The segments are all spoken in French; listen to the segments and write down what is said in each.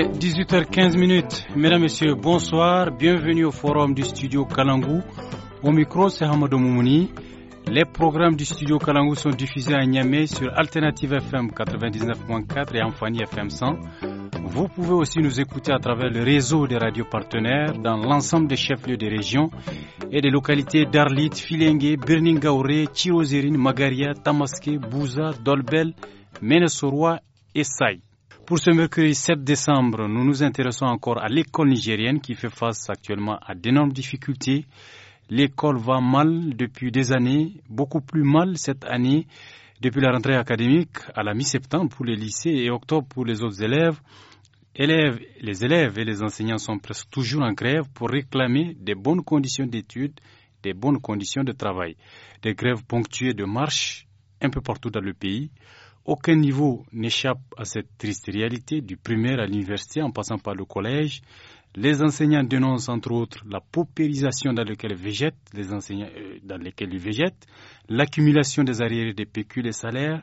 18h15 minutes. Mesdames, Messieurs, bonsoir. Bienvenue au forum du studio Kalangou. Au micro, c'est Hamadou Moumouni. Les programmes du studio Kalangou sont diffusés à Niamey sur Alternative FM 99.4 et Amphani FM 100. Vous pouvez aussi nous écouter à travers le réseau des radios partenaires dans l'ensemble des chefs-lieux des régions et des localités d'Arlit, Filengue, Birningaouré, Chirozérine, Magaria, Tamaské, Bouza, Dolbel, Menesoroa et Saï. Pour ce mercredi 7 décembre, nous nous intéressons encore à l'école nigérienne qui fait face actuellement à d'énormes difficultés. L'école va mal depuis des années, beaucoup plus mal cette année. Depuis la rentrée académique à la mi-septembre pour les lycées et octobre pour les autres élèves, les élèves et les enseignants sont presque toujours en grève pour réclamer des bonnes conditions d'études, des bonnes conditions de travail. Des grèves ponctuées de marches un peu partout dans le pays. Aucun niveau n'échappe à cette triste réalité, du primaire à l'université en passant par le collège. Les enseignants dénoncent entre autres la paupérisation dans laquelle végètent, les enseignants, euh, dans lesquels ils végètent, l'accumulation des arriérés des PQ, les salaires.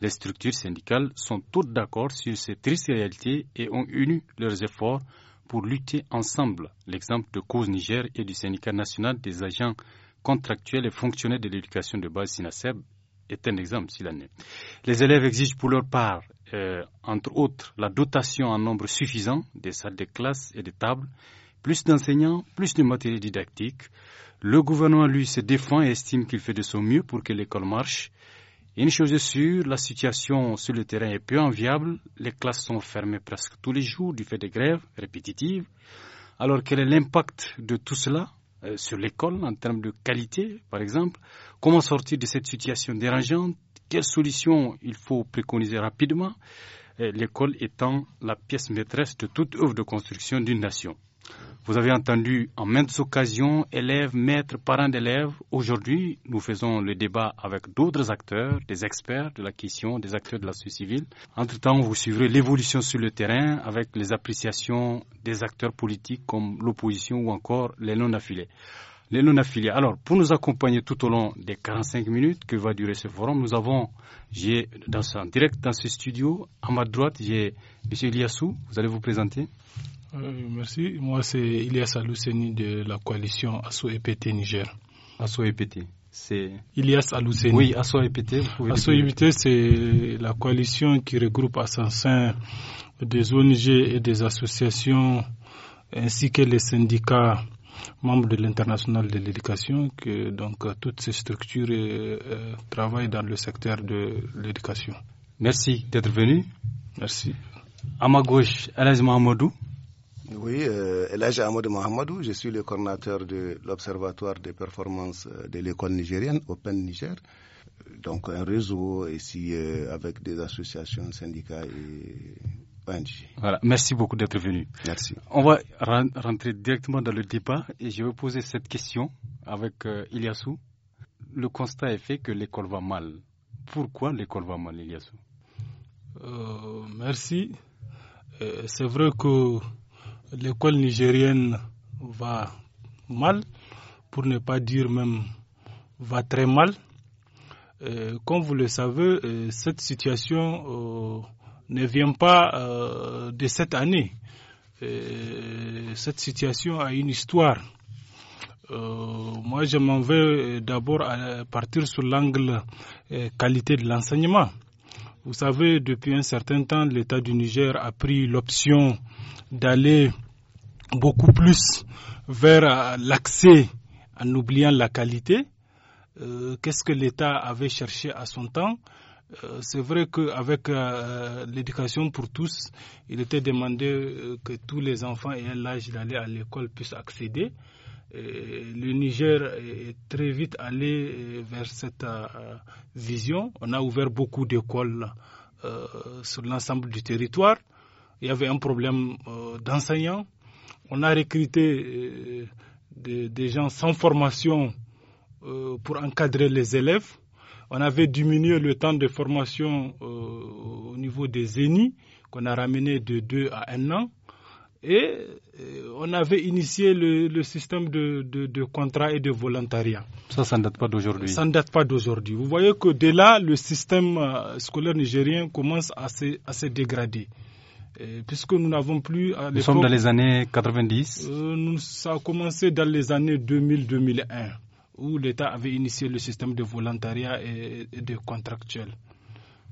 Les structures syndicales sont toutes d'accord sur cette triste réalité et ont uni leurs efforts pour lutter ensemble. L'exemple de Cause Niger et du syndicat national des agents contractuels et fonctionnaires de l'éducation de base SINASEB est un exemple si l'année. Les élèves exigent pour leur part, euh, entre autres, la dotation en nombre suffisant des salles de classe et des tables, plus d'enseignants, plus de matériel didactique. Le gouvernement, lui, se défend et estime qu'il fait de son mieux pour que l'école marche. Une chose est sûre, la situation sur le terrain est peu enviable. Les classes sont fermées presque tous les jours du fait des grèves répétitives. Alors quel est l'impact de tout cela euh, sur l'école en termes de qualité, par exemple. Comment sortir de cette situation dérangeante Quelles solutions il faut préconiser rapidement euh, L'école étant la pièce maîtresse de toute œuvre de construction d'une nation. Vous avez entendu en maintes occasions élèves, maîtres, parents d'élèves. Aujourd'hui, nous faisons le débat avec d'autres acteurs, des experts de la question, des acteurs de la société civile. Entre-temps, vous suivrez l'évolution sur le terrain avec les appréciations des acteurs politiques comme l'opposition ou encore les non-affiliés. Les non-affiliés. Alors, pour nous accompagner tout au long des 45 minutes que va durer ce forum, nous avons, j'ai dans, direct dans ce studio, à ma droite, j'ai M. Eliassou. Vous allez vous présenter. Euh, merci. Moi, c'est Ilias Alouceni de la coalition ASSO-EPT Niger. ASSO-EPT c'est Ilias Oui, Asso EPT. Asso EPT, e c'est la coalition qui regroupe à son sein des ONG et des associations ainsi que les syndicats membres de l'international de l'éducation, que donc toutes ces structures euh, euh, travaillent dans le secteur de l'éducation. Merci d'être venu. Merci. À ma gauche, oui, euh, Elijah Ahmed Mohamadou. je suis le coordinateur de l'Observatoire des performances euh, de l'école nigérienne, Open Niger. Donc un réseau ici euh, avec des associations, syndicats et voilà, merci beaucoup d'être venu. Merci. On va rentrer directement dans le débat et je vais poser cette question avec euh, Le constat est fait que l'école va mal. Pourquoi l'école va mal, Iliassou euh, Merci. C'est vrai que l'école nigérienne va mal, pour ne pas dire même va très mal. Euh, comme vous le savez, euh, cette situation euh, ne vient pas de cette année. cette situation a une histoire. moi, je m'en vais d'abord partir sur l'angle qualité de l'enseignement. Vous savez, depuis un certain temps, l'État du Niger a pris l'option d'aller beaucoup plus vers l'accès en oubliant la qualité. Euh, qu'est-ce que l'État avait cherché à son temps euh, c'est vrai qu'avec euh, l'éducation pour tous, il était demandé que tous les enfants ayant l'âge d'aller à l'école puissent accéder. Euh, le Niger est très vite allé euh, vers cette euh, vision. On a ouvert beaucoup d'écoles sur l'ensemble du territoire. Il y avait un problème d'enseignants. On a recruté des, gens sans formation pour encadrer les élèves. On avait diminué le temps de formation au niveau des ENI, qu'on a ramené de deux à un an et euh, on avait initié le, système de, contrat et de volontariat. Ça, ça ne date pas d'aujourd'hui. Ça ne date pas d'aujourd'hui. Vous voyez que dès là, le système euh, scolaire nigérien commence à se, dégrader. Euh, puisque nous n'avons plus... nous sommes dans les années 90 Ça a commencé dans les années 2000-2001 où l'État avait initié le système de volontariat et de contractuel.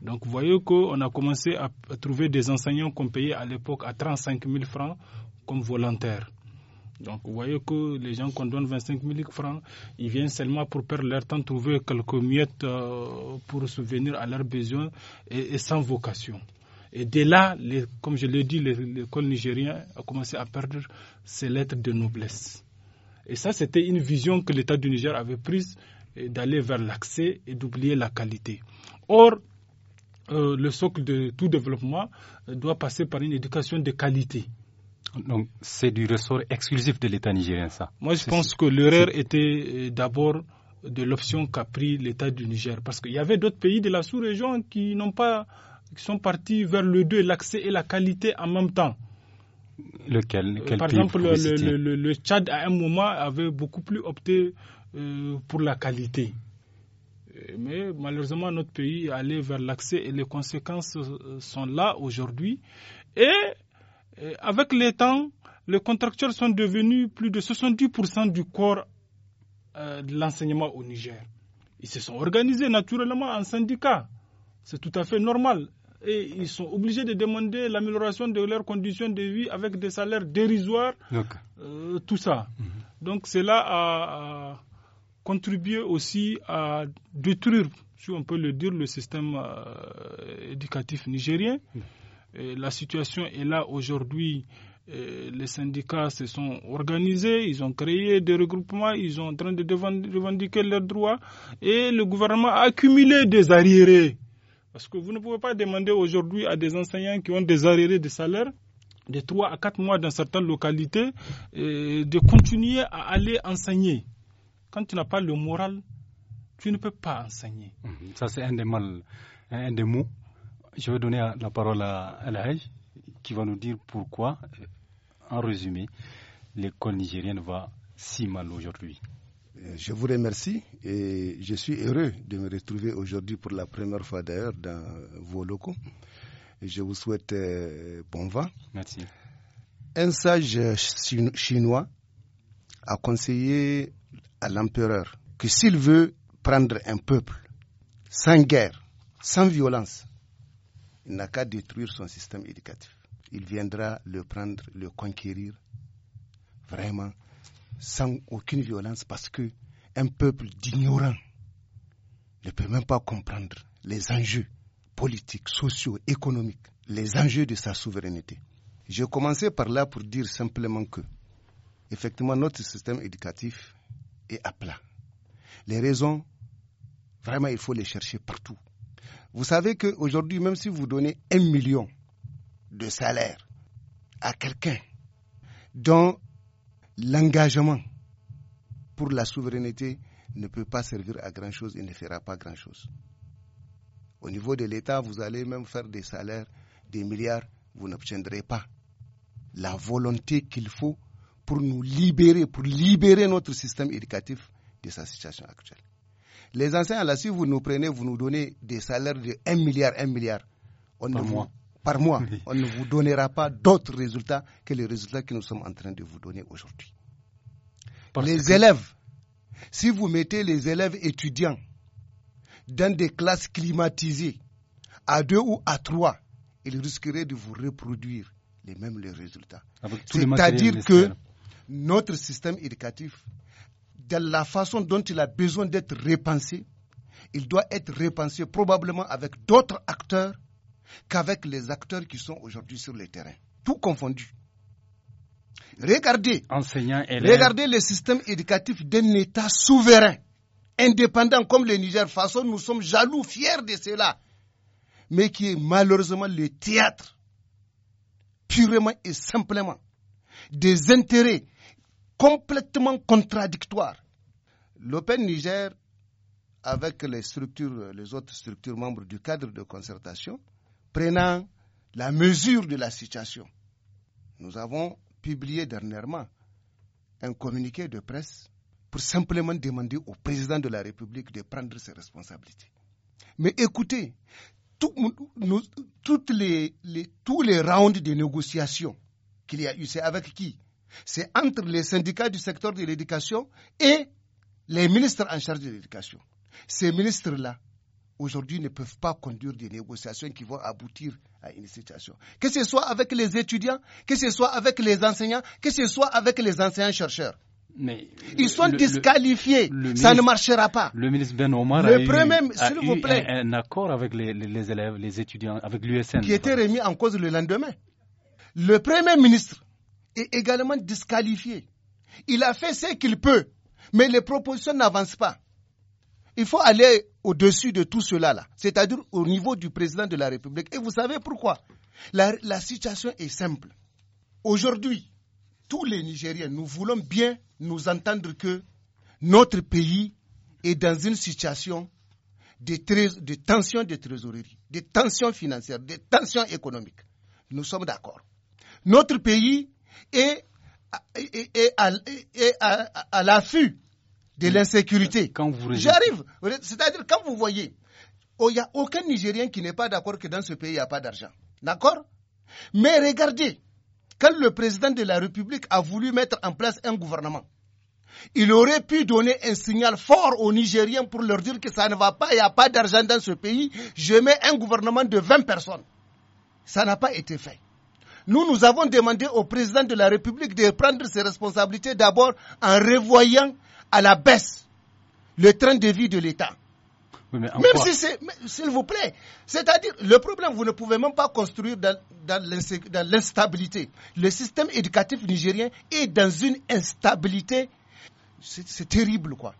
Donc vous voyez qu'on a commencé à, trouver des enseignants qu'on payait à l'époque à 35 000 francs comme volontaires. Donc vous voyez que les gens qu'on donne 25 000 francs, ils viennent seulement pour perdre leur temps, trouver quelques miettes euh, pour subvenir à leurs besoins et, sans vocation. Et dès là, comme je l'ai dit, l'école nigérienne a commencé à perdre ses lettres de noblesse. Et ça, c'était une vision que l'État du Niger avait prise d'aller vers l'accès et d'oublier la qualité. Or, euh, le socle de tout développement euh, doit passer par une éducation de qualité. Donc c'est du ressort exclusif de l'État nigérien, ça Moi je pense que l'erreur était euh, d'abord de l'option qu'a pris l'État du Niger, parce qu'il y avait d'autres pays de la sous-région qui pas, qui sont partis vers le deux, l'accès et la qualité en même temps. Lequel Par exemple, le, le, Tchad à un moment avait beaucoup plus opté pour la qualité mais malheureusement, notre pays est allé vers l'accès et les conséquences euh, sont là aujourd'hui. Et, euh, avec les temps, les contracteurs sont devenus plus de 70% du corps euh, de l'enseignement au Niger. Ils se sont organisés naturellement en syndicats. C'est tout à fait normal. Et ils sont obligés de demander l'amélioration de leurs conditions de vie avec des salaires dérisoires, tout ça. Mhm. Donc c'est là contribuer aussi à détruire, si on peut le dire, le système euh, éducatif nigérien. Mm. la situation est là aujourd'hui. Les syndicats se sont organisés, ils ont créé des regroupements, ils sont en train de revendiquer leurs droits et le gouvernement a accumulé des arriérés. Parce que vous ne pouvez pas demander aujourd'hui à des enseignants qui ont des arriérés de salaire de 3 à 4 mois dans certaines localités euh, de continuer à aller enseigner. Quand tu n'as pas le moral, tu ne peux pas enseigner. Mhm. Ça, c'est un des un des mots. Je vais donner la parole à Alhaj qui va nous dire pourquoi, en résumé, l'école nigérienne va si mal aujourd'hui. Euh, je vous remercie et je suis heureux de me retrouver aujourd'hui pour la première fois d'ailleurs dans vos locaux. Je vous souhaite euh, bon vent. Merci. Un sage chinois a conseillé à l'empereur que s'il veut prendre un peuple sans guerre, sans violence, il n'a qu'à détruire son système éducatif. Il viendra le prendre, le conquérir vraiment sans aucune violence parce que un peuple d'ignorants ne peut même pas comprendre les enjeux politiques, sociaux, économiques, les enjeux de sa souveraineté. j'ai commencé par là pour dire simplement que, effectivement, notre système éducatif et à plat. Les raisons, vraiment, il faut les chercher partout. Vous savez qu'aujourd'hui, même si vous donnez un million de salaire à quelqu'un dont l'engagement pour la souveraineté ne peut pas servir à grand-chose, il ne fera pas grand-chose. Au niveau de l'État, vous allez même faire des salaires, des milliards, vous n'obtiendrez pas la volonté qu'il faut pour nous libérer, pour libérer notre système éducatif de sa situation actuelle. Les enseignants, là, si vous nous prenez, vous nous donnez des salaires de 1 milliard, 1 milliard par, mois. On ne vous donnera pas d'autres résultats que les résultats que nous sommes en train de vous donner aujourd'hui. Les élèves, si vous mettez les élèves étudiants dans des classes climatisées, à deux ou à trois, ils risqueraient de vous reproduire les mêmes résultats. C'est-à-dire que notre système éducatif, de la façon dont il a besoin d'être repensé, il doit être repensé probablement avec d'autres acteurs qu'avec les acteurs qui sont aujourd'hui sur le terrain, tout confondu. Regardez, regardez le système éducatif d'un État souverain, indépendant comme le Niger façon, nous sommes jaloux, fiers de cela, mais qui est malheureusement le théâtre, purement et simplement, des intérêts complètement contradictoire. L'Open Niger, avec les structures, les autres structures membres du cadre de concertation, prenant la mesure de la situation, nous avons publié dernièrement un communiqué de presse pour simplement demander au président de la République de prendre ses responsabilités. Mais écoutez, tout, tous les rounds de négociations qu'il y a eu, c'est avec qui c'est entre les syndicats du secteur de l'éducation et les ministres en charge de l'éducation. Ces ministres-là, aujourd'hui, ne peuvent pas conduire des négociations qui vont aboutir à une situation. Que ce soit avec les étudiants, que ce soit avec les enseignants, que ce soit avec les enseignants-chercheurs. Mais ils sont disqualifiés. ça ne marchera pas. Le ministre Ben Omar le premier, a vous plaît, un, un, accord avec les, les, élèves, les étudiants, avec l'USN. Qui était remis en cause le lendemain. Le premier ministre est également disqualifié. Il a fait ce qu'il peut, mais les propositions n'avancent pas. Il faut aller au-dessus de tout cela, là, c'est-à-dire au niveau du président de la République. Et vous savez pourquoi la, situation est simple. Aujourd'hui, tous les Nigériens, nous voulons bien nous entendre que notre pays est dans une situation de, de tension de trésorerie, de tension financière, de tension économique. Nous sommes d'accord. Notre pays et, à, l'affût de mm. l'insécurité. J'arrive. C'est-à-dire, quand vous voyez, oh, il n'y a aucun Nigérien qui n'est pas d'accord que dans ce pays, il n'y a pas d'argent. D'accord Mais regardez, quand le président de la République a voulu mettre en place un gouvernement, il aurait pu donner un signal fort aux Nigériens pour leur dire que ça ne va pas, il n'y a pas d'argent dans ce pays, je mets un gouvernement de 20 personnes. Ça n'a pas été fait. Nous, nous avons demandé au président de la République de prendre ses responsabilités d'abord en revoyant à la baisse le train de vie de l'État. même si c'est, s'il vous plaît, c'est-à-dire le problème, vous ne pouvez même pas construire dans, dans l'instabilité. Le système éducatif nigérien est dans une instabilité, c'est terrible quoi.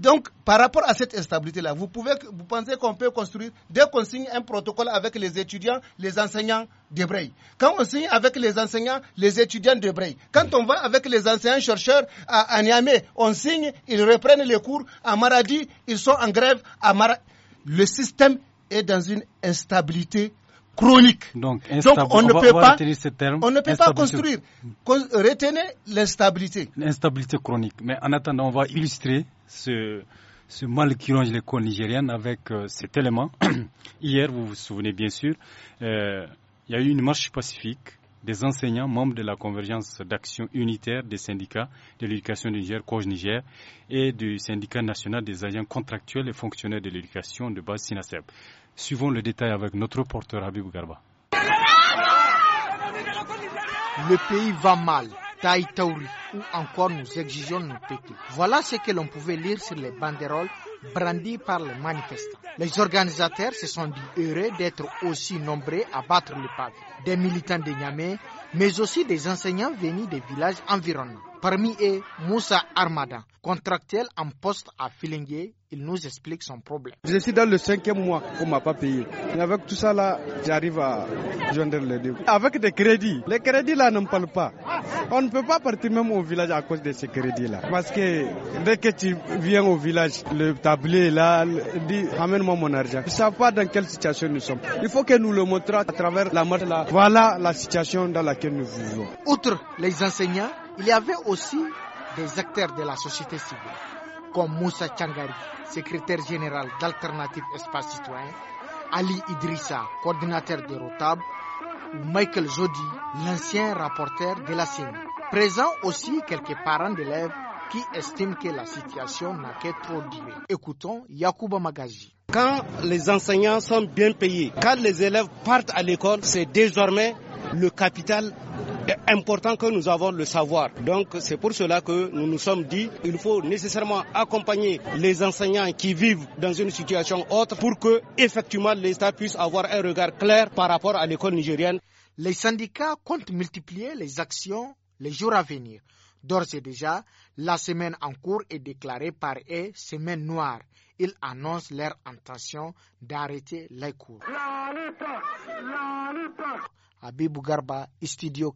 Donc, par rapport à cette instabilité-là, vous, pouvez, vous pensez qu'on peut construire, dès qu'on signe un protocole avec les étudiants, les enseignants débrayent. Quand on signe avec les enseignants, les étudiants débrayent. Quand on va avec les enseignants-chercheurs à, à Niamey, on signe, ils reprennent les cours. À Maradi, ils sont en grève. À Mar... Le système est dans une instabilité chronique. Donc, on, ne peut pas, on ne peut pas construire. Euh, Retenez l'instabilité. L'instabilité chronique. Mais en attendant, on va illustrer ce, ce mal qui ronge l'école nigérienne avec euh, cet élément. Hier, vous vous souvenez bien sûr, euh, il y a eu une marche pacifique des enseignants membres de la convergence d'action unitaire des syndicats de l'éducation du Niger, COGE Niger, et du syndicat national des agents contractuels et fonctionnaires de l'éducation de base SINASEP. Suivons le détail avec notre reporter Habib Garba. Le pays va mal. Taïtaouri, ou encore nous exigeons nos pétés. Voilà ce que l'on pouvait lire sur les banderoles brandies par les manifestants. Les organisateurs se sont dit heureux d'être aussi nombreux à battre le pavé. Des militants de Niamey, mais aussi des enseignants venus des villages environnants. Parmi eux, Moussa Armada contractuel en poste à Filingué. Il nous explique son problème. Je suis dans le cinquième mois qu'on ne m'a pas payé. avec tout ça là, j'arrive à joindre les deux. Avec des crédits. Les crédits là ne parlent pas. On ne peut pas partir même au village à cause de ces crédits là. Parce que dès que tu viens au village, le tablier là dit amène-moi mon argent. Ils ne savent pas dans quelle situation nous sommes. Il faut que nous le montrions à travers la marche là. Voilà la situation dans laquelle nous vivons. Outre les enseignants, il y avait aussi des acteurs de la société civile, comme Moussa Tchangari, secrétaire général d'Alternative Espace Citoyen, Ali Idrissa, coordinateur de Rotab, ou Michael Zodi, l'ancien rapporteur de la CENI. Présent aussi quelques parents d'élèves qui estiment que la situation n'a que trop duré. Écoutons Yacouba Magaji. Quand les enseignants sont bien payés, quand les élèves partent à l'école, c'est désormais le capital c'est important que nous avons le savoir. Donc c'est pour cela que nous nous sommes dit il faut nécessairement accompagner les enseignants qui vivent dans une situation autre pour que effectivement l'État puisse avoir un regard clair par rapport à l'école nigérienne. Les syndicats comptent multiplier les actions les jours à venir. D'ores et déjà, la semaine en cours est déclarée par eux semaine noire. Ils annoncent leur intention d'arrêter les cours. Abibou Garba, Studio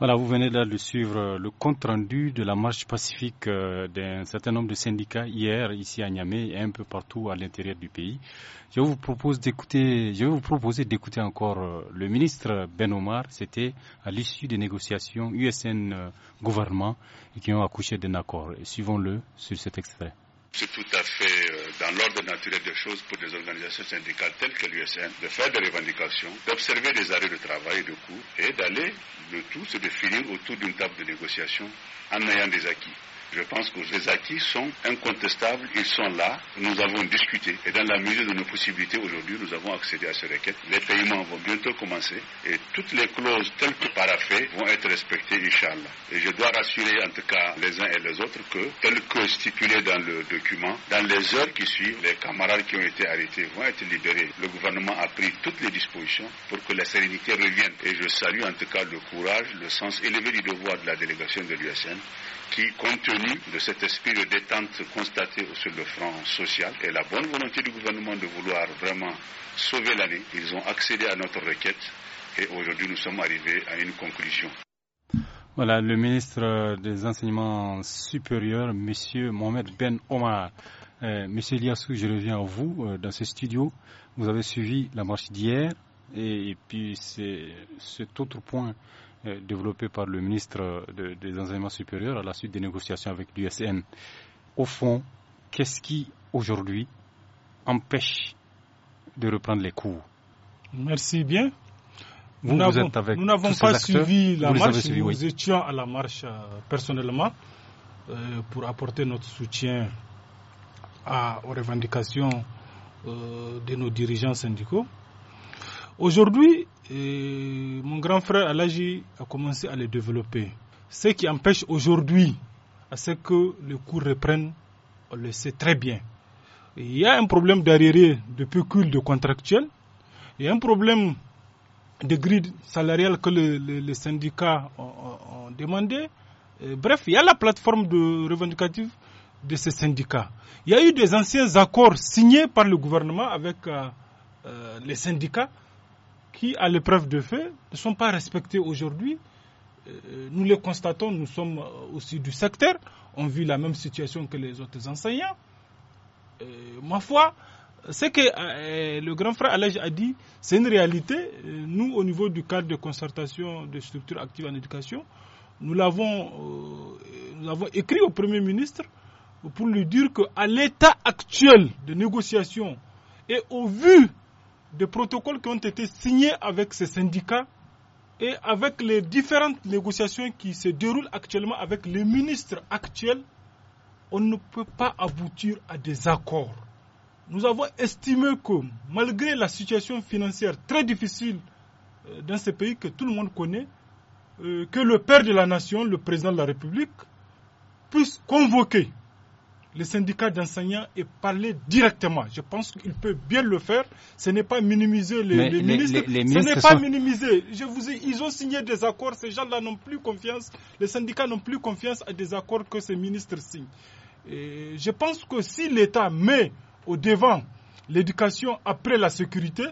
Voilà, vous venez là de suivre le compte-rendu de la marche pacifique euh, d'un certain nombre de syndicats hier ici à Niamey et un peu partout à l'intérieur du pays. Je vous propose d'écouter, je vais vous proposer d'écouter encore euh, le ministre Ben Omar. C'était à l'issue des négociations USN-gouvernement euh, qui ont accouché d'un accord. Suivons-le sur cet extrait. C'est tout à fait dans l'ordre naturel des choses pour des organisations syndicales telles que l'USN, de faire des revendications, d'observer des arrêts de travail et de coûts et d'aller le tout se définir autour d'une table de négociation en ayant des acquis. Je pense que les acquis sont incontestables, ils sont là, nous avons discuté et dans la mesure de nos possibilités aujourd'hui, nous avons accédé à ces requêtes. Les paiements vont bientôt commencer et toutes les clauses telles que paraffées vont être respectées, Inch'Allah. Et je dois rassurer en tout cas les uns et les autres que, tel que stipulé dans le document, dans les heures qui suivent, les camarades qui ont été arrêtés vont être libérés. Le gouvernement a pris toutes les dispositions pour que la sérénité revienne. Et je salue en tout cas le courage, le sens élevé du devoir de la délégation de l'USN qui, compte tenu de cet esprit de détente constaté sur le front social et la bonne volonté du gouvernement de vouloir vraiment sauver l'année, ils ont accédé à notre requête et aujourd'hui nous sommes arrivés à une conclusion. Voilà le ministre des Enseignements supérieurs, M. Mohamed Ben Omar. Euh, Monsieur je reviens à vous euh, dans ce studio. Vous avez suivi la marche d'hier et, puis c'est cet autre point euh, développé par le ministre euh, des Enseignements supérieurs à la suite des négociations avec l'USN. Au fond, qu'est-ce qui, aujourd'hui, empêche de reprendre les cours Merci bien. Vous, nous n'avons pas suivi la marche, nous étions à la marche euh, personnellement pour apporter notre soutien aux revendications de nos dirigeants syndicaux. Aujourd'hui, euh, mon grand frère Alagi a commencé à les développer. Ce qui empêche aujourd'hui à ce que le cours reprenne, on le sait très bien. Il y a un problème d'arriéré de pécule de contractuel. Il y a un problème de grille salariale que les syndicats ont, demandé. Euh, bref, il y a la plateforme de revendicative de ces syndicats. Il y a eu des anciens accords signés par le gouvernement avec euh, les syndicats qui, à l'épreuve de fait, ne sont pas respectés aujourd'hui. Euh, nous les constatons, nous sommes euh, aussi du secteur, on vit la même situation que les autres enseignants. Euh, ma foi, ce que le grand frère Allège a dit, c'est une réalité. Nous, au niveau du cadre de concertation de structures actives en éducation, nous l'avons écrit au Premier ministre pour lui dire qu'à l'état actuel de négociation et au vu des protocoles qui ont été signés avec ces syndicats et avec les différentes négociations qui se déroulent actuellement avec les ministres actuels, on ne peut pas aboutir à des accords. Nous avons estimé que malgré la situation financière très difficile euh, dans ce pays que tout le monde connaît, euh, que le père de la nation, le président de la République, puisse convoquer les syndicats d'enseignants et parler directement. Je pense qu'il peut bien le faire. Ce n'est pas minimiser les, ministres. ce n'est pas minimiser. Je vous ils ont signé des accords. Ces gens-là n'ont plus confiance. Les syndicats n'ont plus confiance à des accords que ces ministres signent. je pense que si l'État met au devant l'éducation après la sécurité,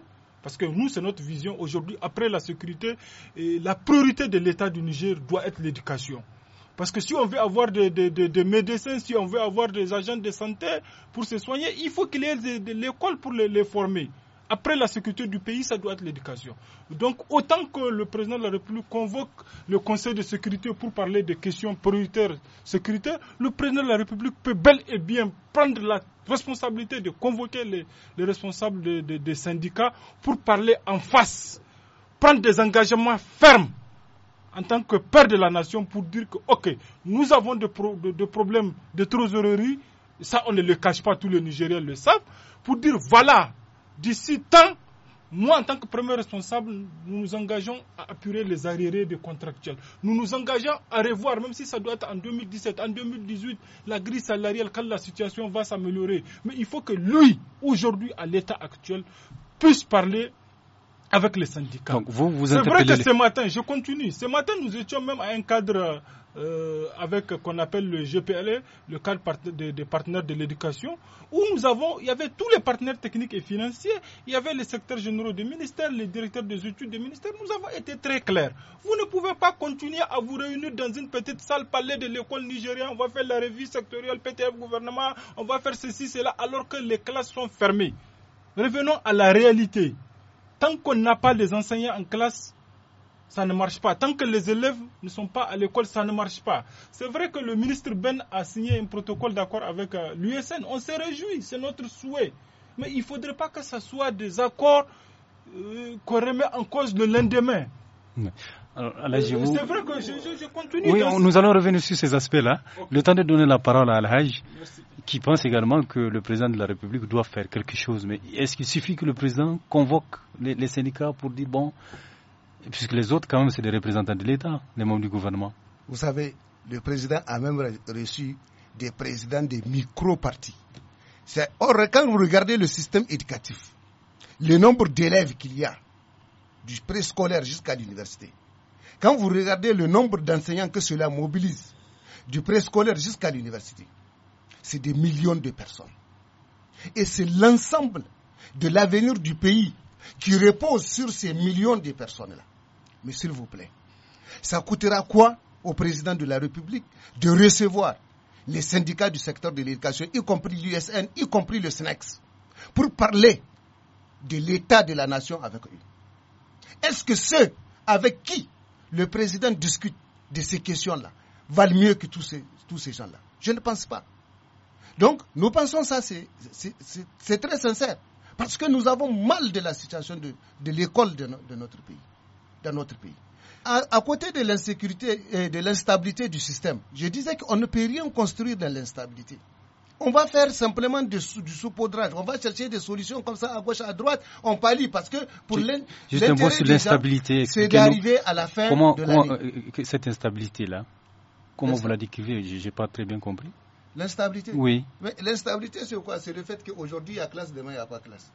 parce que nous, c'est notre vision aujourd'hui, après la sécurité, la priorité de l'État du Niger doit être l'éducation. Parce que si on veut avoir des, médecins, si on veut avoir des agents de santé pour se soigner, il faut qu'il y ait de, l'école pour les, former. Après la sécurité du pays, ça doit être l'éducation. Donc autant que le président de la République convoque le Conseil de sécurité pour parler des questions prioritaires sécuritaires, le président de la République peut bel et bien prendre la responsabilité de convoquer les, responsables des syndicats pour parler en face, prendre des engagements fermes en tant que père de la nation pour dire que, OK, nous avons des, de, problèmes de trésorerie, ça on ne le cache pas, tous les Nigériens le savent, pour dire, voilà, d'ici temps moi en tant que premier responsable, nous nous engageons à apurer les arriérés de contractuels. Nous nous engageons à revoir, même si ça doit être en 2017, en 2018, la grille salariale, quand la situation va s'améliorer. Mais il faut que lui, aujourd'hui, à l'état actuel, puisse parler avec les syndicats. Donc vous, vous c'est vrai que ce matin, je continue, ce matin nous étions même à un cadre euh, avec qu'on appelle le GPLE, le cadre des partenaires de l'éducation, où nous avons, il y avait tous les partenaires techniques et financiers, il y avait les secteurs généraux du ministères, les directeurs des études des ministère, nous avons été très clairs. Vous ne pouvez pas continuer à vous réunir dans une petite salle, parler de l'école nigérienne, on va faire la revue sectorielle PTF gouvernement, on va faire ceci, cela, alors que les classes sont fermées. Revenons à la réalité. Tant qu'on n'a pas les enseignants en classe, ça ne marche pas. Tant que les élèves ne sont pas à l'école, ça ne marche pas. C'est vrai que le ministre Ben a signé un protocole d'accord avec euh, l'USN. On s'est réjouit, c'est notre souhait. Mais il ne faudrait pas que ce soit des accords euh, qu'on remet en cause le lendemain. Euh, c'est vrai que je, continue. Oui, nous allons revenir sur ces aspects-là. Le temps de donner la parole à Al-Hajj qui pense également que le président de la République doit faire quelque chose. Mais est-ce qu'il suffit que le président convoque les, syndicats pour dire, bon, puisque les autres, quand même, c'est des représentants de l'État, les membres du gouvernement Vous savez, le président a même reçu des présidents des micro-partis. Or, quand vous regardez le système éducatif, le nombre d'élèves qu'il y a, du préscolaire jusqu'à l'université, quand vous regardez le nombre d'enseignants que cela mobilise, du préscolaire jusqu'à l'université, c'est des millions de personnes. Et c'est l'ensemble de l'avenir du pays qui repose sur ces millions de personnes-là. Mais s'il vous plaît, ça coûtera quoi au président de la République de recevoir les syndicats du secteur de l'éducation, y compris l'USN, y compris le SNEX, pour parler de l'état de la nation avec eux Est-ce que ceux avec qui le président discute de ces questions-là valent mieux que tous ces, tous ces gens-là Je ne pense pas. Donc, nous pensons ça, c'est très sincère. Parce que nous avons mal de la situation de, l'école de, notre pays. Dans notre pays. À, côté de l'insécurité et de l'instabilité du système, je disais qu'on ne peut rien construire dans l'instabilité. On va faire simplement du, du saupoudrage. On va chercher des solutions comme ça à gauche, à droite. On pallie parce que pour l'instabilité, c'est d'arriver à la fin comment, de euh, cette instabilité là, comment vous la décrivez Je n'ai pas très bien compris. L'instabilité Oui. Mais l'instabilité, c'est quoi C'est le fait qu'aujourd'hui, il y a classe, demain, il n'y a pas classe.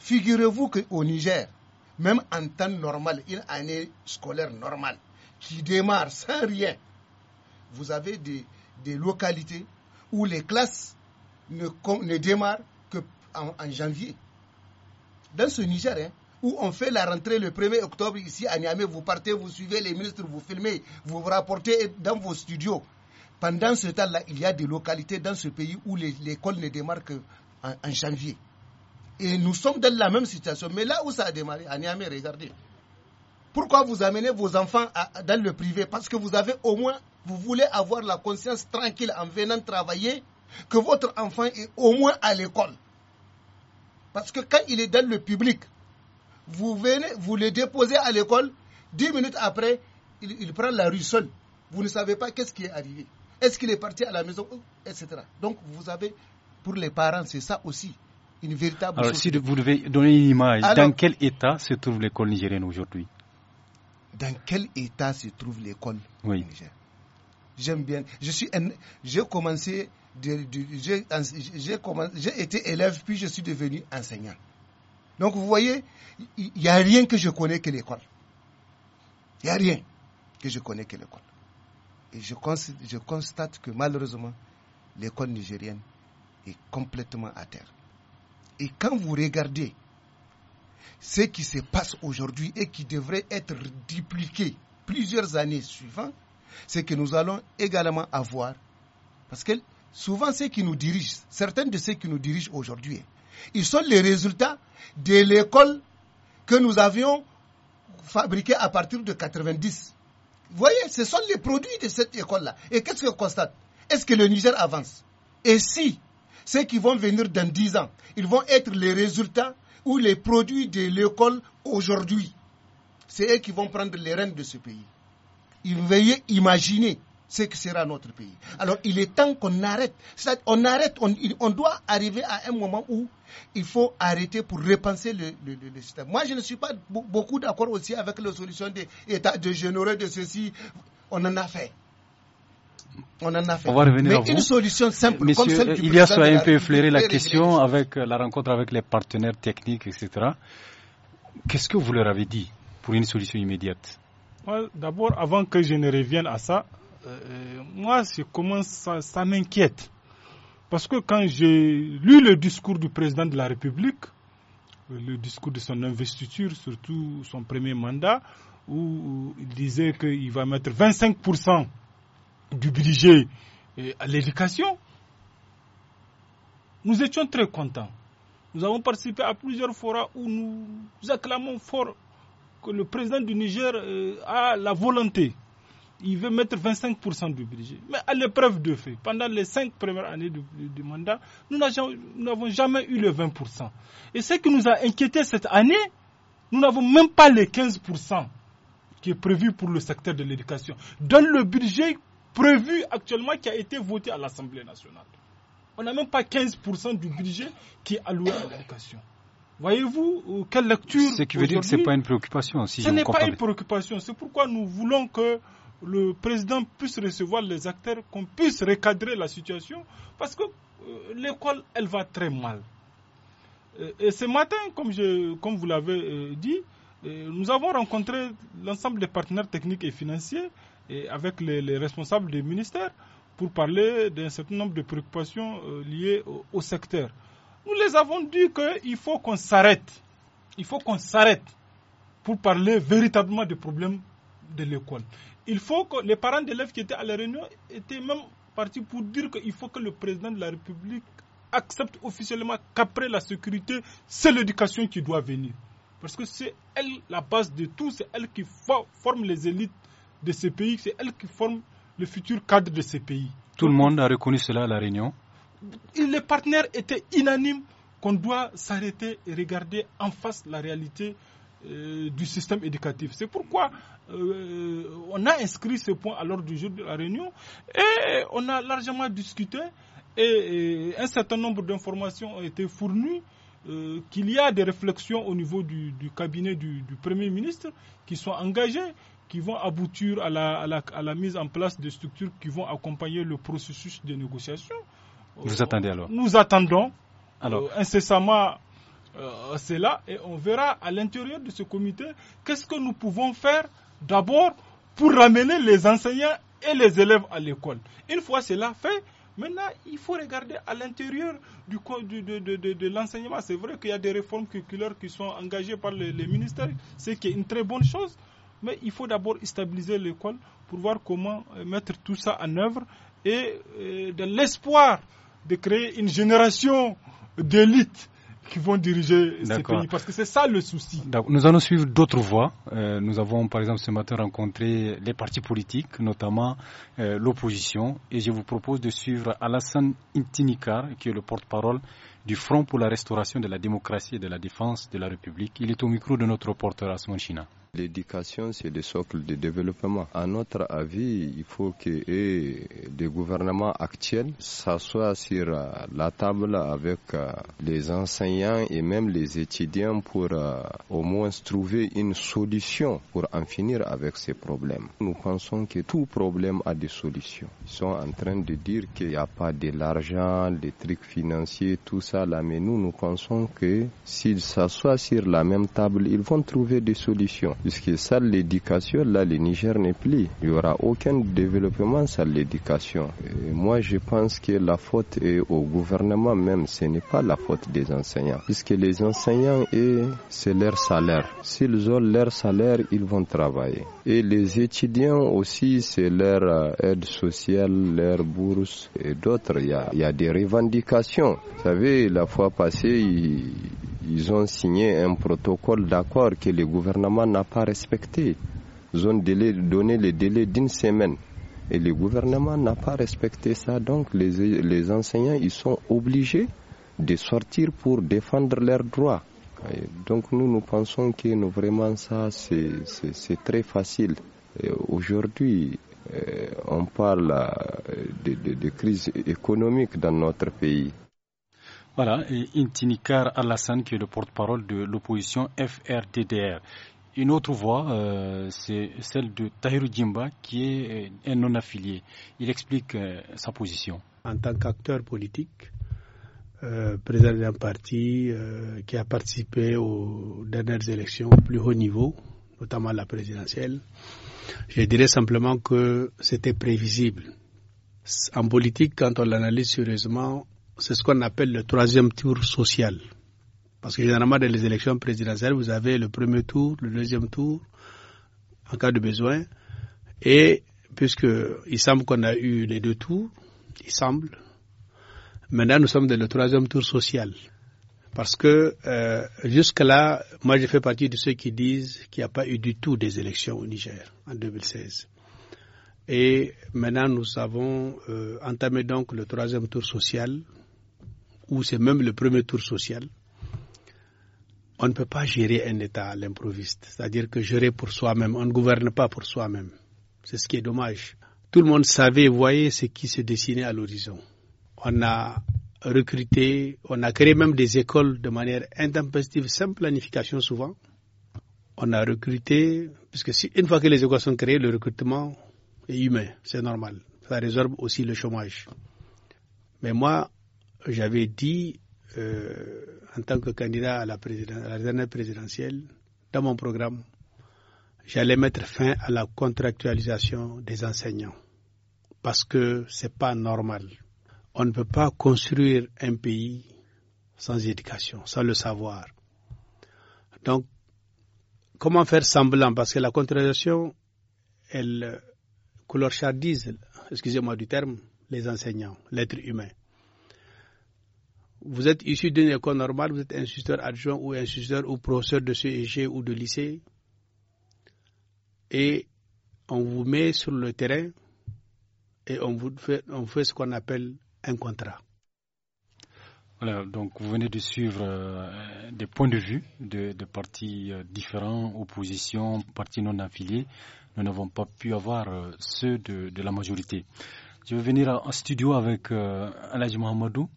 Figurez-vous qu'au Niger, même en temps normal, une année scolaire normale, qui démarre sans rien, vous avez des, localités où les classes ne, ne démarrent que en, janvier. Dans ce Niger, hein, où on fait la rentrée le 1er octobre ici à Niamey, vous partez, vous suivez les ministres, vous filmez, vous vous rapportez dans vos studios. Pendant ce temps-là, il y a des localités dans ce pays où l'école ne démarre qu'en en janvier. Et nous sommes dans la même situation. Mais là où ça a démarré, à Niamey, regardez. Pourquoi vous amenez vos enfants dans le privé Parce que vous avez au moins, vous voulez avoir la conscience tranquille en venant travailler que votre enfant est au moins à l'école. Parce que quand il est dans le public, vous venez, vous le déposez à l'école, 10 minutes après, il, prend la rue seul. Vous ne savez pas qu'est-ce qui est arrivé. Est-ce qu'il est parti à la maison euh, Etc. Donc, vous avez, pour les parents, c'est ça aussi. Une véritable Alors, si vous devez donner une image, dans quel état se trouve l'école nigérienne aujourd'hui Dans quel état se trouve l'école nigérienne J'aime bien. Je suis j'ai commencé, j'ai été élève, puis je suis devenu enseignant. Donc, vous voyez, il n'y a rien que je connais que l'école. Il n'y a rien que je connais que l'école. Et je, constate, que malheureusement, l'école nigérienne est complètement à terre. Et quand vous regardez ce qui se passe aujourd'hui et qui devrait être dupliqué plusieurs années suivantes, c'est que nous allons également avoir, parce que souvent ceux qui nous dirigent, certains de ceux qui nous dirigent aujourd'hui, ils sont les résultats de l'école que nous avions fabriquée à partir de 90 voyez, ce sont les produits de cette école-là. Et qu'est-ce qu'on constate Est-ce que le Niger avance Et si ceux qui vont venir dans 10 ans, ils vont être les résultats ou les produits de l'école aujourd'hui, c'est eux qui vont prendre les rênes de ce pays. Veuillez imaginer ce que sera notre pays. Alors il est temps qu'on arrête. On arrête, on, doit arriver à un moment où il faut arrêter pour repenser le, système. Moi, je ne suis pas beaucoup d'accord aussi avec la solution des États de généreux, de ceci. On en a fait. On en a fait. On va revenir Mais à une solution simple Il y a soit un peu effleuré la question avec euh, la rencontre avec les partenaires techniques, etc. Qu'est-ce que vous leur avez dit pour une solution immédiate D'abord, avant que je ne revienne à ça, euh, euh, moi, je ça, m'inquiète. Parce que quand j'ai lu le discours du président de la République, le discours de son investiture, surtout son premier mandat, où il disait qu'il va mettre 25% du budget euh, à l'éducation, nous étions très contents. Nous avons participé à plusieurs forums où nous acclamons fort que le président du Niger a la volonté il veut mettre 25% du budget. Mais à l'épreuve de fait, pendant les cinq premières années du, mandat, nous n'avons jamais eu le 20%. Et ce qui nous a inquiété cette année, nous n'avons même pas les 15% qui est prévu pour le secteur de l'éducation, dans le budget prévu actuellement qui a été voté à l'Assemblée nationale. On n'a même pas 15% du budget qui est alloué à l'éducation. Voyez-vous euh, quelle lecture Ce qui veut dire que ce n'est pas une préoccupation. Si ce n'est pas une préoccupation. C'est pourquoi nous voulons que le président puisse recevoir les acteurs, qu'on puisse recadrer la situation, parce que euh, l'école, elle va très mal. Euh, et, ce matin, comme, je, comme vous l'avez euh, dit, nous avons rencontré l'ensemble des partenaires techniques et financiers et avec les, responsables des ministères pour parler d'un certain nombre de préoccupations liées au, au secteur. Nous les avons dit qu'il faut qu'on s'arrête. Il faut qu'on s'arrête pour parler véritablement des problèmes de l'école il faut que les parents d'élèves qui étaient à la réunion étaient même partis pour dire qu'il faut que le président de la République accepte officiellement qu'après la sécurité, c'est l'éducation qui doit venir. Parce que c'est elle la base de tout, c'est elle qui forme les élites de ces pays, c'est elle qui forme le futur cadre de ces pays. Tout le monde a reconnu cela à la réunion Les partenaires étaient unanimes qu'on doit s'arrêter et regarder en face la réalité euh, du système éducatif. C'est pourquoi euh, on a inscrit ce point à l'ordre du jour de la réunion et on a largement discuté et, un certain nombre d'informations ont été fournies. Euh, qu'il y a des réflexions au niveau du, cabinet du, Premier ministre qui sont engagées, qui vont aboutir à la, à, la, mise en place de structures qui vont accompagner le processus de négociation. Vous attendez alors Nous attendons alors, incessamment euh, c'est là et on verra à l'intérieur de ce comité qu'est-ce que nous pouvons faire d'abord pour ramener les enseignants et les élèves à l'école. Une fois cela fait, Maintenant, il faut regarder à l'intérieur du, du, de, de, de, de l'enseignement. C'est vrai qu'il y a des réformes curriculaires qui sont engagées par les, ministères, ce qui est une très bonne chose. Mais il faut d'abord stabiliser l'école pour voir comment euh, mettre tout ça en œuvre et, et euh, dans l'espoir de créer une génération d'élite qui vont diriger ces pays Parce que c'est ça le souci. Nous allons suivre d'autres voies. Euh, nous avons par exemple ce matin rencontré les partis politiques, notamment euh, l'opposition. Et je vous propose de suivre Alassane Intinikar, qui est le porte-parole du Front pour la restauration de la démocratie et de la défense de la République. Il est au micro de notre reporter à Sonchina. L'éducation, c'est le socle du développement. À notre avis, il faut que les eh, gouvernements actuels s'assoient sur euh, la table avec euh, les enseignants et même les étudiants pour euh, au moins trouver une solution pour en finir avec ces problèmes. Nous pensons que tout problème a des solutions. Ils sont en train de dire qu'il n'y a pas de l'argent, des trucs financiers, tout ça là, mais nous, nous pensons que s'ils s'assoient sur la même table, ils vont trouver des solutions. Puisque ça, l'éducation, là, le Niger n'est plus. Il n'y aura aucun développement sans l'éducation. Moi, je pense que la faute est au gouvernement même. Ce n'est pas la faute des enseignants. Puisque les enseignants, c'est leur salaire. S'ils ont leur salaire, ils vont travailler. Et les étudiants aussi, c'est leur euh, aide sociale, leur bourse et d'autres. Il, y a, des revendications. Vous savez, la fois passée, il, ils ont signé un protocole d'accord que le gouvernement n'a pas respecté. Ils ont donné le délai d'une semaine. Et le gouvernement n'a pas respecté ça. Donc les, enseignants, ils sont obligés de sortir pour défendre leurs droits. donc nous, nous pensons que vraiment ça, c'est très facile. Aujourd'hui, euh, on parle euh, de crise économique dans notre pays. Voilà, et Intinikar Alassane, qui est le porte-parole de l'opposition FRDDR. Une autre voix, euh, c'est celle de Tahiru Djimba, qui est euh, un non-affilié. Il explique euh, sa position. En tant qu'acteur politique, président d'un parti qui a participé aux dernières élections au plus haut niveau, notamment la présidentielle, je dirais simplement que c'était prévisible. En politique, quand on l'analyse sérieusement, c'est ce qu'on appelle le troisième tour social. Parce que généralement, dans les élections présidentielles, vous avez le premier tour, le deuxième tour, en cas de besoin. Et puisque il semble qu'on a eu les deux tours, il semble. Maintenant, nous sommes dans le troisième tour social. Parce que euh, jusque-là, moi, je fais partie de ceux qui disent qu'il n'y a pas eu du tout des élections au Niger en 2016. Et maintenant, nous avons euh, entamé donc le troisième tour social ou c'est même le premier tour social, on ne peut pas gérer un État à l'improviste. C'est-à-dire que gérer pour soi-même, on ne gouverne pas pour soi-même. C'est ce qui est dommage. Tout le monde savait, voyait ce qui se dessinait à l'horizon. On a recruté, on a créé même des écoles de manière intempestive, sans planification souvent. On a recruté, puisque si, une fois que les écoles sont créées, le recrutement est humain, c'est normal. Ça résorbe aussi le chômage. Mais moi, j'avais dit euh, en tant que candidat à la, à la dernière présidentielle, dans mon programme, j'allais mettre fin à la contractualisation des enseignants parce que ce n'est pas normal. On ne peut pas construire un pays sans éducation, sans le savoir. Donc, comment faire semblant Parce que la contractualisation, elle colorchardise, excusez-moi du terme, les enseignants, l'être humain. Vous êtes issu d'une école normale, vous êtes instituteur adjoint ou instituteur ou professeur de CEG ou de lycée. Et on vous met sur le terrain et on vous fait, on fait ce qu'on appelle un contrat. Voilà, donc vous venez de suivre euh, des points de vue de, partis euh, différents, opposition, partis non affiliés. Nous n'avons pas pu avoir euh, ceux de, la majorité. Je vais venir en studio avec Alaj Mohamadou.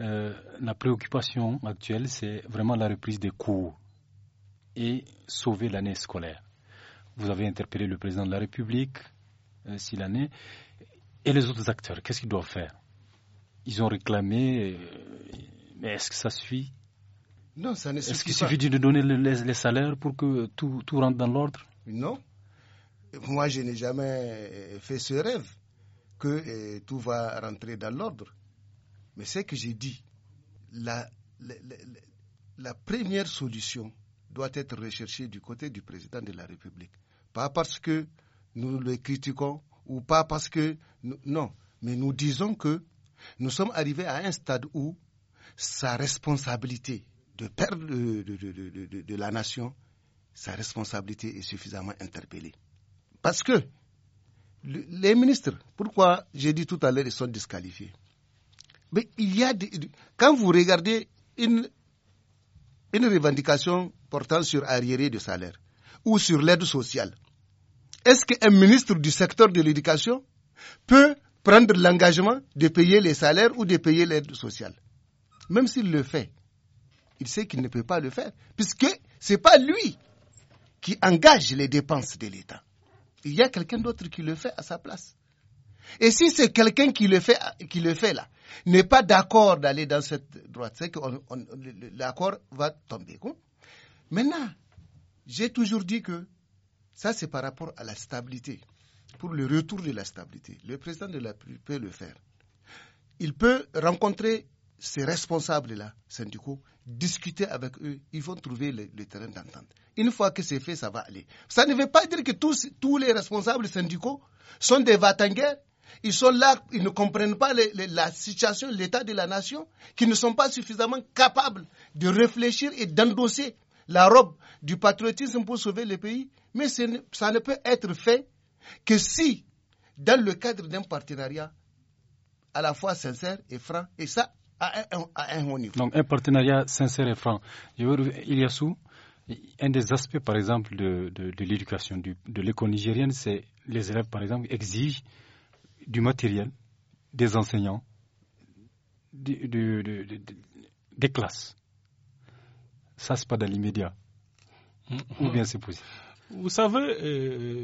Euh, la préoccupation actuelle, c'est vraiment la reprise des cours et sauver l'année scolaire. Vous avez interpellé le président de la République, euh, l'année, et les autres acteurs, qu'est-ce qu'ils doivent faire Ils ont réclamé, euh, mais est-ce que ça suffit Non, ça ne suffit Est-ce qu'il suffit de donner les, salaires pour que tout rentre dans l'ordre Non. Moi, je n'ai jamais fait ce rêve que euh, tout va rentrer dans l'ordre. Mais ce que j'ai dit, la, première solution doit être recherchée du côté du président de la République. Pas parce que nous le critiquons ou pas parce que... non, mais nous disons que nous sommes arrivés à un stade où sa responsabilité de perdre de, de, la nation, sa responsabilité est suffisamment interpellée. Parce que les ministres, pourquoi j'ai dit tout à l'heure, ils sont disqualifiés mais il y a quand vous regardez une, une revendication portant sur arriéré de salaire ou sur l'aide sociale, est-ce qu'un ministre du secteur de l'éducation peut prendre l'engagement de payer les salaires ou de payer l'aide sociale Même s'il le fait, il sait qu'il ne peut pas le faire, puisque ce n'est pas lui qui engage les dépenses de l'État. Il y a quelqu'un d'autre qui le fait à sa place. Et si c'est quelqu'un qui le fait, qui le fait là, n'est pas d'accord d'aller dans cette droite, c'est que l'accord va tomber. Maintenant, j'ai toujours dit que ça, c'est par rapport à la stabilité, pour le retour de la stabilité. Le président de la République peut le faire. Il peut rencontrer ses responsables-là, syndicaux, discuter avec eux, ils vont trouver le, terrain d'entente. Une fois que c'est fait, ça va aller. Ça ne veut pas dire que tous, tous les responsables syndicaux sont des vatanguers ils sont là, ils ne comprennent pas la situation, l'état de la nation, qui ne sont pas suffisamment capables de réfléchir et d'endosser la robe du patriotisme pour sauver le pays. Mais ça ne peut être fait que si, dans le cadre d'un partenariat à la fois sincère et franc, et ça à un, haut niveau. Donc un partenariat sincère et franc. Je veux, sous un des aspects, par exemple, de, de l'éducation, de l'école nigérienne, c'est les élèves, par exemple, exigent du matériel, des enseignants, des classes. Ça, n'est pas dans l'immédiat. Ou bien c'est possible. Vous savez, euh,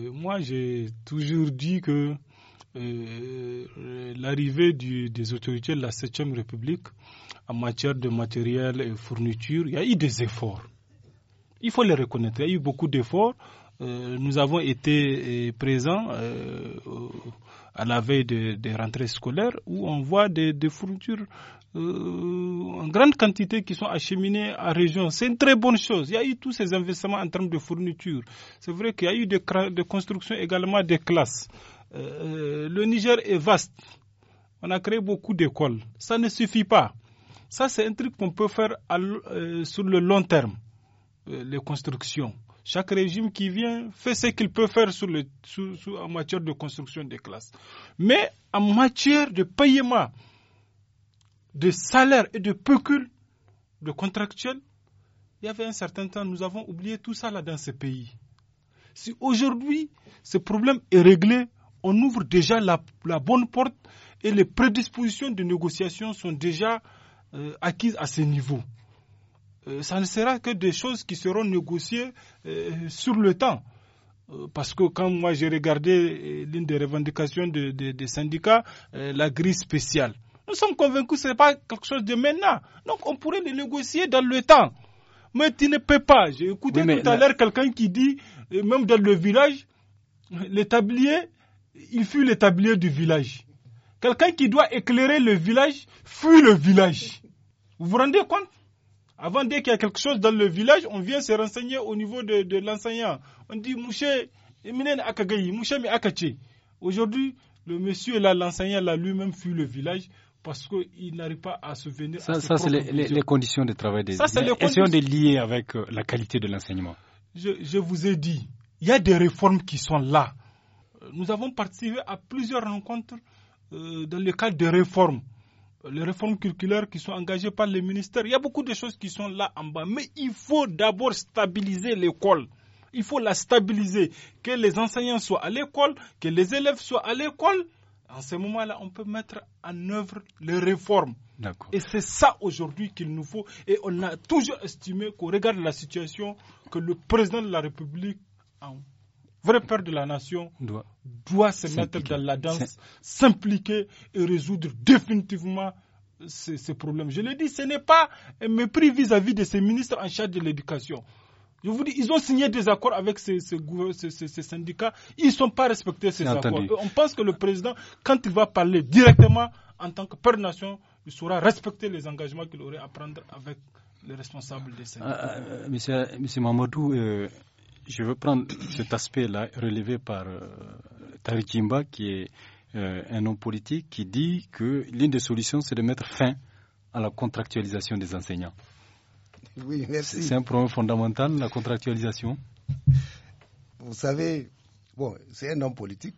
euh, moi j'ai toujours dit que euh, l'arrivée des autorités de la 7e République en matière de matériel et fourniture, il y a eu des efforts. Il faut les reconnaître. Il y a eu beaucoup d'efforts euh, nous avons été euh, présents euh, à la veille des rentrées scolaires où on voit des, fournitures en grande quantité qui sont acheminées à région. C'est une très bonne chose. Il y a eu tous ces investissements en termes de fournitures. C'est vrai qu'il y a eu des, de constructions également des classes. le Niger est vaste. On a créé beaucoup d'écoles. Ça ne suffit pas. Ça, c'est un truc qu'on peut faire sur le long terme, les constructions. Chaque régime qui vient fait ce qu'il peut faire sur en matière de construction des classes. Mais en matière de paiement, de salaire et de pécule, de contractuel, il y avait un certain temps, nous avons oublié tout ça là dans ce pays. Si aujourd'hui ce problème est réglé, on ouvre déjà la, bonne porte et les prédispositions de négociation sont déjà euh, acquises à ce niveau. Euh, ça ne sera que des choses qui seront négociées euh, sur le temps. Euh, parce que quand moi j'ai regardé l'une des revendications des syndicats, la grille spéciale, nous sommes convaincus que ce n'est pas quelque chose de maintenant. Donc on pourrait les négocier dans le temps. Mais tu ne peux pas. J'ai écouté tout à l'heure quelqu'un qui dit, même dans le village, l'établier, il fut l'établier du village. Quelqu'un qui doit éclairer le village fuit le village. Vous vous rendez compte avant, dès qu'il y a quelque chose dans le village, on vient se renseigner au niveau de, l'enseignant. On dit, Mouché, Mouché Mi Aujourd'hui, le monsieur là, l'enseignant là, lui-même fuit le village parce qu'il n'arrive pas à se venir. Ça, c'est les, conditions de travail des ça, les Essayons de lier avec euh, la qualité de l'enseignement. Je, vous ai dit, il y a des réformes qui sont là. Euh, nous avons participé à plusieurs rencontres euh, dans le cadre des réformes les réformes curriculaires qui sont engagées par les ministères. Il y a beaucoup de choses qui sont là en bas. Mais il faut d'abord stabiliser l'école. Il faut la stabiliser. Que les enseignants soient à l'école, que les élèves soient à l'école. En ce moment-là, on peut mettre en œuvre les réformes. Et c'est ça aujourd'hui qu'il nous faut. Et on a toujours estimé qu'on regarde la situation, que le président de la République, en vrai père de la nation, doit, se mettre dans la danse, s'impliquer et résoudre définitivement ces, problèmes. Je le dis, ce n'est pas un mépris vis-à-vis de ces ministres en charge de l'éducation. Je vous dis, ils ont signé des accords avec ces, syndicats. Ils ne sont pas respectés ces accords. On pense que le président, quand il va parler directement en tant que père nation, il saura respecter les engagements qu'il aurait à prendre avec les responsables des syndicats. Ah, ah, euh, monsieur, Mamadou, euh, je veux prendre cet aspect-là relevé par euh, qui est euh, un homme politique, qui dit que l'une des solutions, c'est de mettre fin à la contractualisation des enseignants. Oui, merci. C'est un problème fondamental, la contractualisation. Vous savez, bon, c'est un homme politique,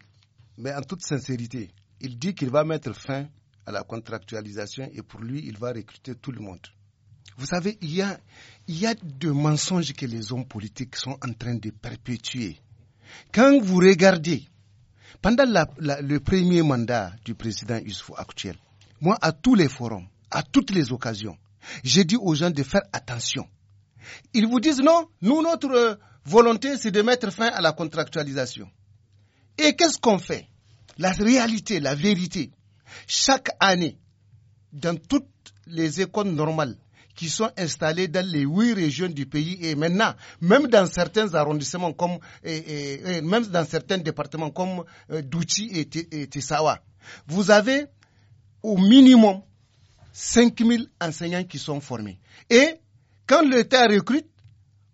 mais en toute sincérité, il dit qu'il va mettre fin à la contractualisation et pour lui, il va recruter tout le monde. Vous savez, il y a, il y a de mensonges que les hommes politiques sont en train de perpétuer. Quand vous regardez, pendant le premier mandat du président Youssouf actuel, moi, à tous les forums, à toutes les occasions, j'ai dit aux gens de faire attention. Ils vous disent non, nous, notre euh, volonté, c'est de mettre fin à la contractualisation. Et qu'est-ce qu'on fait La réalité, la vérité. Chaque année, dans toutes les écoles normales, qui sont installés dans les huit régions du pays et maintenant, même dans certains arrondissements comme, et, même dans certains départements comme euh, Douchi et, Tessawa, vous avez au minimum 5000 enseignants qui sont formés. Et quand l'État recrute,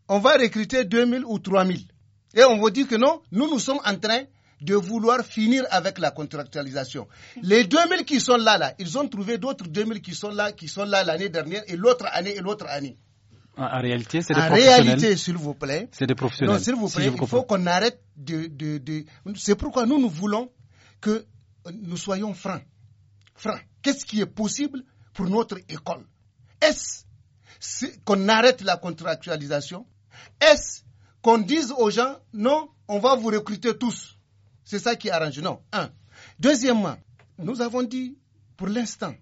on va recruter 2000 ou 3000. Et on vous dit que non, nous, nous sommes en train de vouloir finir avec la contractualisation. Les 2000 qui sont là, là, ils ont trouvé d'autres 2000 qui sont là, qui sont là l'année dernière et l'autre année et l'autre année. En, réalité, c'est des en réalité, s'il vous plaît. C'est des professionnels. s'il vous plaît, il faut qu'on arrête de, de... C'est pourquoi nous, nous voulons que euh, nous soyons francs. Francs. Qu'est-ce qui est possible pour notre école Est-ce qu'on arrête la contractualisation Est-ce qu'on dise aux gens, non, on va vous recruter tous c'est ça qui arrange. Non, un. Deuxièmement, nous avons dit, pour l'instant,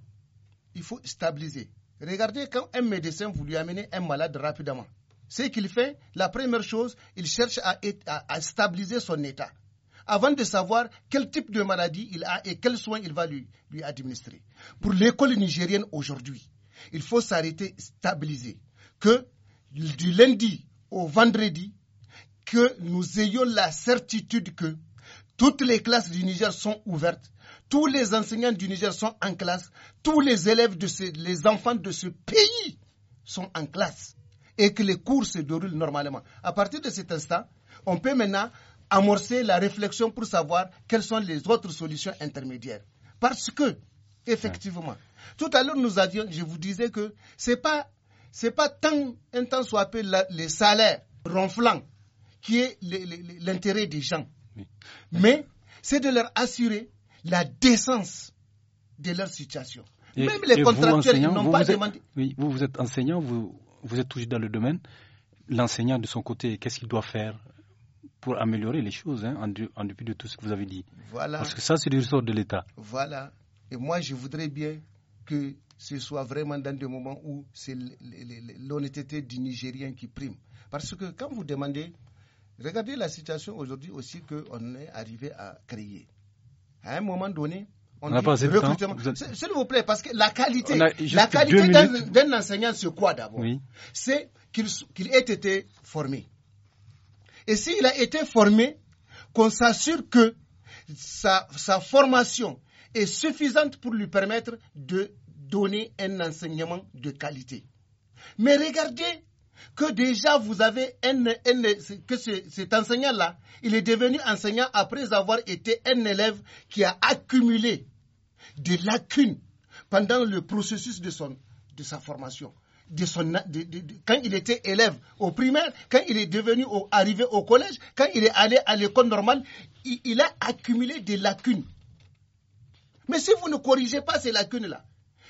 il faut stabiliser. Regardez quand un médecin vous lui amener un malade rapidement. Ce qu'il fait, la première chose, il cherche à, stabiliser son état avant de savoir quel type de maladie il a et quels soins il va lui, lui administrer. Pour l'école nigérienne aujourd'hui, il faut s'arrêter stabiliser que du lundi au vendredi, que nous ayons la certitude que toutes les classes du Niger sont ouvertes. Tous les enseignants du Niger sont en classe. Tous les élèves, de les enfants de ce pays sont en classe. Et que les cours se déroulent normalement. À partir de cet instant, on peut maintenant amorcer la réflexion pour savoir quelles sont les autres solutions intermédiaires. Parce que, effectivement, tout à l'heure nous avions, je vous disais que c'est pas, pas tant, un temps soit peu les salaires ronflants qui est l'intérêt des gens. Mais c'est de leur assurer la décence de leur situation. Même les contractuels n'ont pas demandé. vous, êtes enseignant, vous, vous êtes toujours dans le domaine. L'enseignant, de son côté, qu'est-ce qu'il doit faire pour améliorer les choses hein, en, en, dépit de tout ce que vous avez dit Voilà. Parce que ça, c'est du ressort de l'État. Voilà. Et moi, je voudrais bien que ce soit vraiment dans des moments où c'est l'honnêteté du Nigérien qui prime. Parce que quand vous demandez Regardez la situation aujourd'hui aussi qu'on est arrivé à créer. À un moment donné, on, a passé recrutement. S'il vous plaît, parce que la qualité, la qualité d'un enseignant, c'est quoi d'abord C'est qu'il ait été formé. Et s'il a été formé, qu'on s'assure que sa formation est suffisante pour lui permettre de donner un enseignement de qualité. Mais regardez que déjà vous avez un, que cet enseignant-là, il est devenu enseignant après avoir été un élève qui a accumulé des lacunes pendant le processus de, son, de sa formation. De son, quand il était élève au primaire, quand il est devenu arrivé au collège, quand il est allé à l'école normale, il a accumulé des lacunes. Mais si vous ne corrigez pas ces lacunes-là,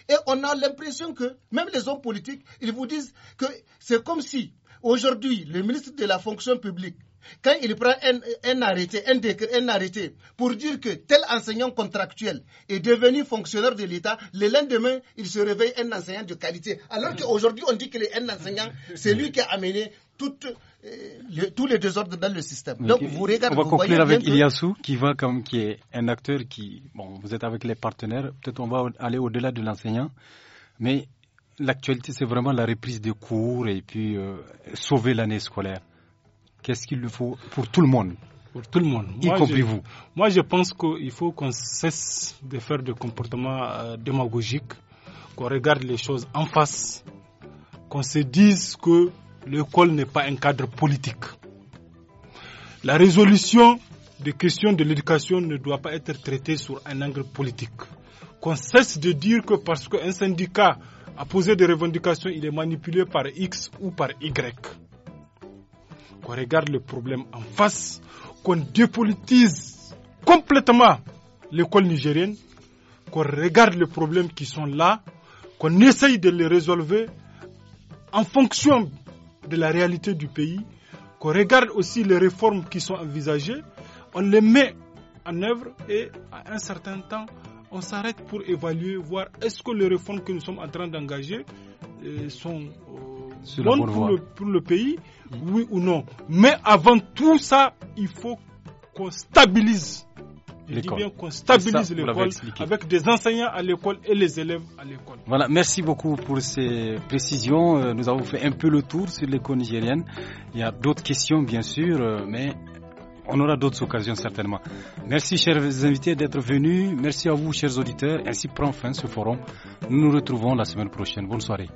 et on a l'impression que même les hommes politiques, ils vous disent que c'est comme si aujourd'hui le ministre de la fonction publique, quand il prend un, arrêté, un décret, un arrêté pour dire que tel enseignant contractuel est devenu fonctionnaire de l'État, le lendemain, il se réveille un enseignant de qualité. Alors mm. qu'aujourd'hui, on dit qu'il est un enseignant, c'est lui qui a amené toute euh, tous les désordres dans le système. Donc, vous regardez. On va conclure avec Iliassou qui comme qui est un acteur qui, bon, vous êtes avec les partenaires. Peut-être on va aller au-delà de l'enseignant, mais l'actualité, c'est vraiment la reprise des cours et puis euh, sauver l'année scolaire. Qu'est-ce qu'il faut pour tout le monde Pour tout le monde, y compris vous. Moi, je pense qu'il faut qu'on cesse de faire des comportements euh, démagogiques, qu'on regarde les choses en face, qu'on se dise que l'école n'est pas un cadre politique. La résolution des questions de l'éducation ne doit pas être traitée sur un angle politique. Qu'on cesse de dire que parce qu'un syndicat a posé des revendications, il est manipulé par X ou par Y. Qu'on regarde le problème en face, qu'on dépolitise complètement l'école nigérienne, qu'on regarde les problèmes qui sont là, qu'on essaye de les résolver en fonction de la réalité du pays, qu'on regarde aussi les réformes qui sont envisagées, on les met en œuvre et à un certain temps, on s'arrête pour évaluer, voir est-ce que les réformes que nous sommes en train d'engager euh, sont euh, bonnes pour le, pour le, pays, oui ou non. Mais avant tout ça, il faut qu'on stabilise l'école. qu'on stabilise l'école avec des enseignants à l'école et les élèves à l'école. Voilà, merci beaucoup pour ces précisions. Euh, nous avons fait un peu le tour sur l'école nigérienne. Il y a d'autres questions, bien sûr, euh, mais on aura d'autres occasions certainement. Merci chers invités d'être venus. Merci à vous chers auditeurs. Ainsi prend fin ce forum. Nous nous retrouvons la semaine prochaine. Bonne soirée.